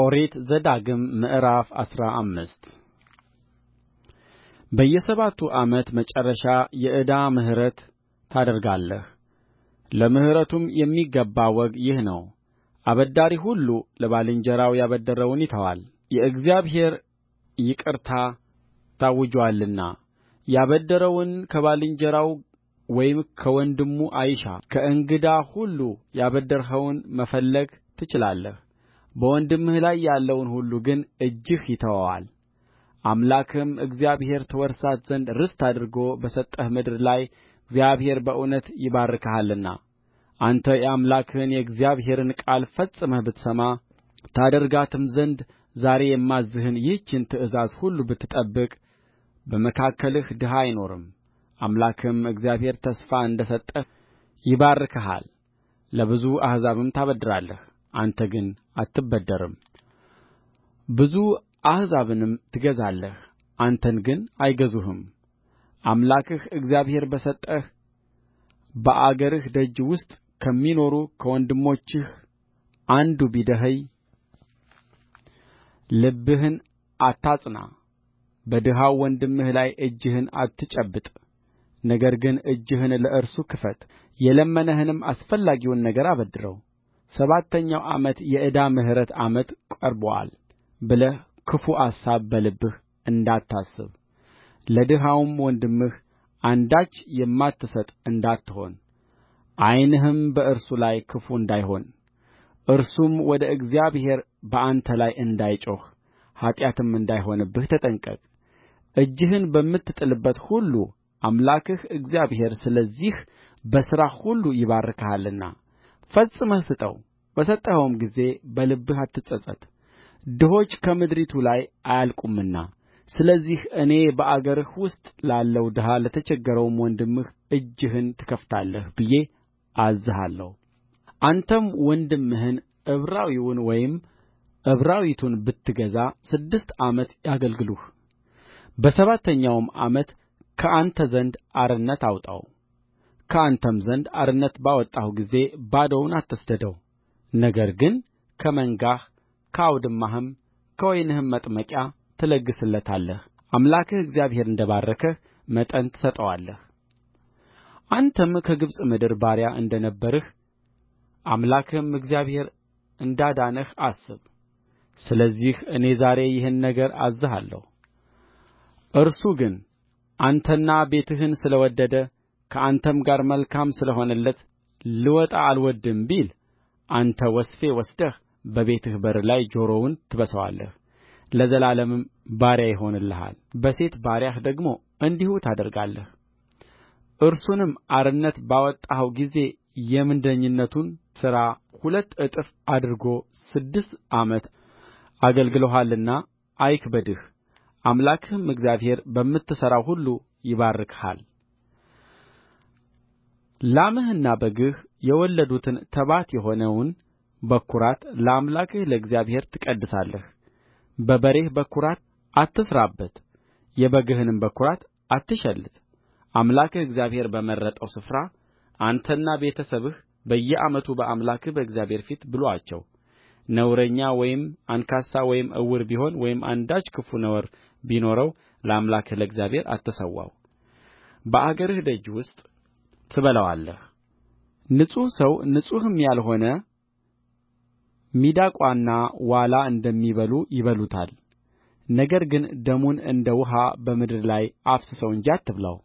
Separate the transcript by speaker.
Speaker 1: ኦሪት ዘዳግም ምዕራፍ አስራ አምስት በየሰባቱ ዓመት መጨረሻ የዕዳ ምሕረት ታደርጋለህ ለምሕረቱም የሚገባ ወግ ይህ ነው አበዳሪ ሁሉ ለባልንጀራው ያበደረውን ይተዋል የእግዚአብሔር ይቅርታ ታውጆአልና ያበደረውን ከባልንጀራው ወይም ከወንድሙ አይሻ ከእንግዳ ሁሉ ያበደርኸውን መፈለግ ትችላለህ በወንድምህ ላይ ያለውን ሁሉ ግን እጅህ ይተወዋል አምላክህም እግዚአብሔር ትወርሳት ዘንድ ርስት አድርጎ በሰጠህ ምድር ላይ እግዚአብሔር በእውነት ይባርክሃልና አንተ የአምላክህን የእግዚአብሔርን ቃል ፈጽመህ ብትሰማ ታደርጋትም ዘንድ ዛሬ የማዝዝህን ይህችን ትእዛዝ ሁሉ ብትጠብቅ በመካከልህ ድሀ አይኖርም አምላክህም እግዚአብሔር ተስፋ እንደ ሰጠህ ይባርክሃል ለብዙ አሕዛብም ታበድራለህ አንተ ግን አትበደርም ብዙ አሕዛብንም ትገዛለህ አንተን ግን አይገዙህም አምላክህ እግዚአብሔር በሰጠህ በአገርህ ደጅ ውስጥ ከሚኖሩ ከወንድሞችህ አንዱ ቢደኸይ ልብህን አታጽና በድሀው ወንድምህ ላይ እጅህን አትጨብጥ ነገር ግን እጅህን ለእርሱ ክፈት የለመነህንም አስፈላጊውን ነገር አበድረው ሰባተኛው ዓመት የዕዳ ምሕረት ዓመት ቀርቦአል ብለህ ክፉ አሳብ በልብህ እንዳታስብ ለድሀውም ወንድምህ አንዳች የማትሰጥ እንዳትሆን ዓይንህም በእርሱ ላይ ክፉ እንዳይሆን እርሱም ወደ እግዚአብሔር በአንተ ላይ እንዳይጮህ ኃጢአትም እንዳይሆንብህ ተጠንቀቅ። እጅህን በምትጥልበት ሁሉ አምላክህ እግዚአብሔር ስለዚህ በሥራህ ሁሉ ይባርክሃልና ፈጽመህ ስጠው በሰጠኸውም ጊዜ በልብህ አትጸጸት ድሆች ከምድሪቱ ላይ አያልቁምና ስለዚህ እኔ በአገርህ ውስጥ ላለው ድሀ ለተቸገረውም ወንድምህ እጅህን ትከፍታለህ ብዬ አዝዝሃለሁ አንተም ወንድምህን ዕብራዊውን ወይም ዕብራዊቱን ብትገዛ ስድስት ዓመት ያገልግሉህ በሰባተኛውም ዓመት ከአንተ ዘንድ አርነት አውጣው ከአንተም ዘንድ አርነት ባወጣሁ ጊዜ ባዶውን አትስደደው ነገር ግን ከመንጋህ ከአውድማህም ከወይንህም መጥመቂያ ትለግስለታለህ አምላክህ እግዚአብሔር እንደ ባረከህ መጠን ትሰጠዋለህ አንተም ከግብፅ ምድር ባሪያ እንደ ነበርህ አምላክህም እግዚአብሔር እንዳዳነህ አስብ ስለዚህ እኔ ዛሬ ይህን ነገር አዝዝሃለሁ እርሱ ግን አንተና ቤትህን ስለ ወደደ ከአንተም ጋር መልካም ስለ ሆነለት ልወጣ አልወድድም ቢል አንተ ወስፌ ወስደህ በቤትህ በር ላይ ጆሮውን ትበሳዋለህ ለዘላለምም ባሪያ በሴት ባሪያህ ደግሞ እንዲሁ ታደርጋለህ እርሱንም አርነት ባወጣኸው ጊዜ የምንደኝነቱን ሥራ ሁለት እጥፍ አድርጎ ስድስት ዓመት አገልግሎሃልና አይክበድህ አምላክህም እግዚአብሔር በምትሠራው ሁሉ ይባርክሃል ላምህና በግህ የወለዱትን ተባት የሆነውን በኵራት ለአምላክህ ለእግዚአብሔር ትቀድሳለህ በበሬህ በኵራት አትሥራበት የበግህንም በኵራት አትሸልት አምላክህ እግዚአብሔር በመረጠው ስፍራ አንተና ቤተ ሰብህ በየዓመቱ በአምላክህ በእግዚአብሔር ፊት ብሉአቸው ነውረኛ ወይም አንካሳ ወይም ዕውር ቢሆን ወይም አንዳች ክፉ ነውር ቢኖረው ለአምላክህ ለእግዚአብሔር አትሠዋው በአገርህ ደጅ ውስጥ ትበላዋለህ ንጹሕ ሰው ንጹሕም ያልሆነ ሚዳቋና ዋላ እንደሚበሉ ይበሉታል ነገር ግን ደሙን እንደ ውኃ በምድር ላይ አፍስሰው እንጂ አትብላው